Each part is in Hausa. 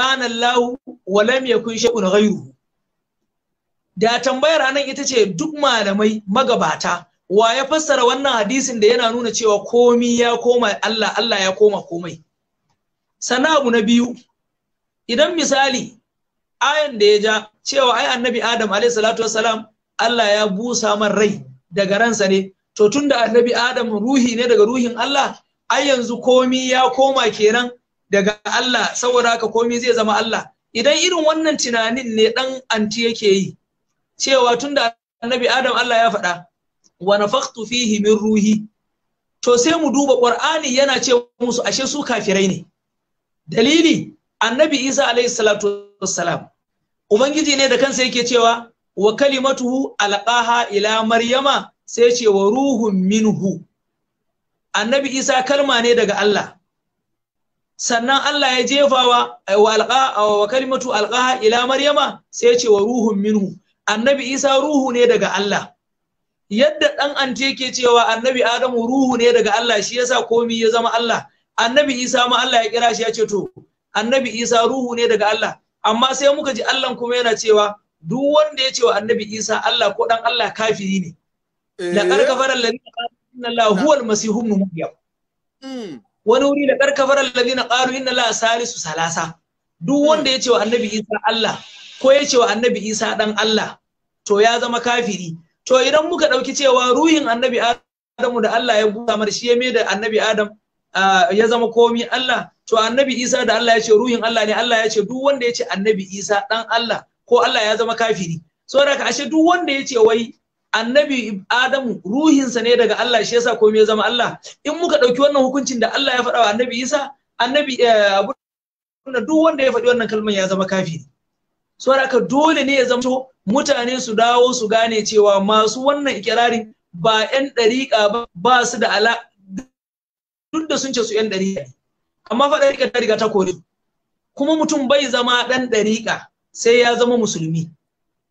kana Allah wa lam yakun shay'un ghayruhu da tambayar anan ita ce duk malamai magabata wa ya fassara wannan hadisin da yana nuna cewa komi ya koma Allah Allah ya koma komai sana abu na biyu idan misali ayan da ya ja cewa ai annabi Adam alayhi salatu wassalam Allah ya busa man rai daga ransa ne to tunda annabi Adam ruhi ne daga ruhin Allah ai yanzu komi ya koma kenan daga Allah saboda haka komai zai zama Allah idan irin wannan tunanin ne dan anti yake yi cewa tunda annabi Adam Allah ya faɗa wa nafaqtu fihi min ruhi to sai mu duba Qur'ani yana ce musu ashe su kafirai ne dalili annabi Isa alaihi salatu wassalam ubangiji ne da kansa yake cewa wa kalimatuhu alqaha ila maryama sai ce wa ruhun minhu annabi Isa kalma ne daga Allah sannan Allah ya jefawa wa alqa wa kalimatu alqaha ila maryama sai ya ce wa ruhun minhu annabi isa ruhu ne daga Allah yadda dan ante yake cewa annabi adamu ruhu ne daga Allah shi yasa komai ya zama Allah annabi isa ma Allah ya kira shi ya ce to annabi isa ruhu ne daga Allah amma sai muka ji Allah kuma yana cewa duk wanda ya ce wa annabi isa Allah ko dan Allah kafiri ne eh. la karka alladhina qala inna Allah huwal Masihun ibn wani wuri da karkafar na ƙaru inna la salisu salasa duk wanda ya ce wa annabi isa Allah ko ya ce wa annabi isa dan Allah to ya zama kafiri to idan muka ɗauki cewa ruhin annabi Adamu da Allah ya busa mar shi ya mai da annabi Adam ya zama komi Allah to annabi Isa da Allah ya ce ruhin Allah ne Allah ya ce duk wanda ya ce annabi Isa dan Allah ko Allah ya zama kafiri saboda ka ashe duk wanda ya ce wai annabi Adamu ruhinsa ne daga Allah shi yasa komai ya zama Allah in muka ɗauki wannan hukuncin da Allah ya faɗa wa annabi Isa annabi da eh, duk wanda ya faɗi wannan kalman ya zama kafiri so haka dole ne ya zama mutane su dawo su gane cewa masu wannan ikirarin ba 'yan ɗariƙa ba ba su da ala duk da sun ce su 'yan ɗariƙa amma fa ɗariƙa ta riga ta kore kuma mutum bai zama ɗan ɗariƙa sai ya zama musulmi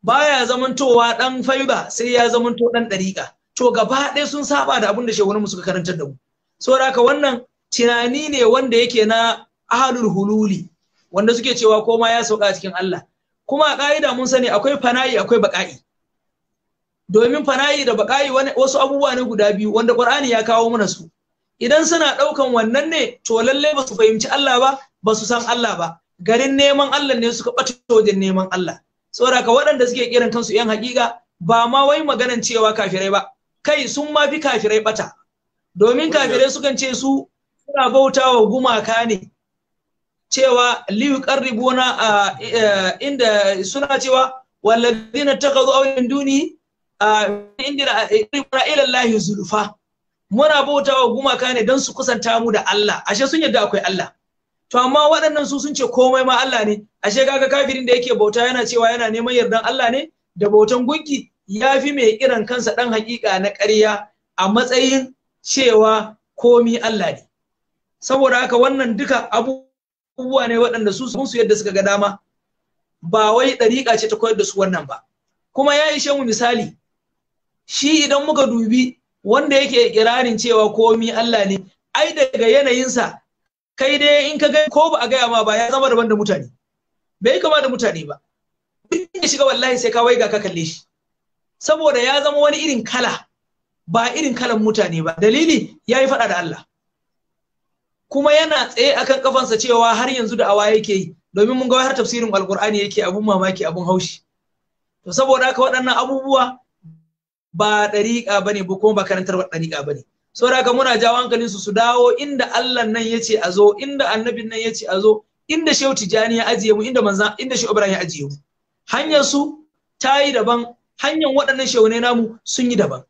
baya zamantowa dan faiba sai ya zamanto dan dariƙa to gaba ɗaya sun saba da abin da shehunan suka karantar da mu saboda haka wannan tunani ne wanda yake na ahlul hululi wanda suke cewa koma ya sauka cikin Allah kuma a ka'ida mun sani akwai fana'i akwai baƙa'i domin fana'i da baƙa'i wasu abubuwa ne guda biyu wanda Qur'ani ya kawo mana su idan suna ɗaukan wannan ne to lallai ba su fahimci Allah ba ba su san Allah ba garin neman Allah ne suka ɓata wajen neman Allah saboda ka waɗanda suke kiran kansu yan hakika ba ma wai maganan cewa kafirai ba kai sun ma fi kafirai bata domin kafirai sukan ce su suna wa gumaka ne cewa liyu a e, e, inda suna cewa walladhina takazu awlin duni inda ila Allah zulfa muna bauta wa gumaka ne don su kusanta mu da Allah ashe sun yadda akwai Allah to amma waɗannan su sun ce komai ma Allah ne ashe kaga kafirin da yake bauta yana cewa yana neman yardan Allah ne da bautan gunki ya fi mai kiran kansa ɗan haƙiƙa na ƙarya a matsayin cewa komi Allah ne saboda haka wannan duka abubuwa ne waɗanda su sun su yadda suka ga dama ba wai ɗariƙa ce ta koyar da su wannan ba kuma ya ishe mu misali shi idan muka dubi wanda yake ikirarin cewa komi Allah ne ai daga yanayinsa kai dai in ka ga ko ba a gaya ma ba ya zama daban da mutane bai kama da mutane ba duk ya shiga wallahi sai ka waiga ka kalle shi saboda ya zama wani irin kala ba irin kalan mutane ba dalili ya yi faɗa da Allah kuma yana tsaye akan kafansa cewa har yanzu da awa yake yi domin mun ga har tafsirin alkur'ani yake abun mamaki abun haushi to saboda haka waɗannan abubuwa ba ɗariƙa bane ba kuma ba karantar ɗariƙa bane. ne saboda muna jawo hankalin su su dawo inda Allah nan yace a zo inda annabin nan ce a zo inda Shehu Tijani ya ajiye mu inda manzan inda Shehu Ibrahim ya ajiye mu hanyar su ta yi daban hanyar waɗannan shehunai namu sun yi daban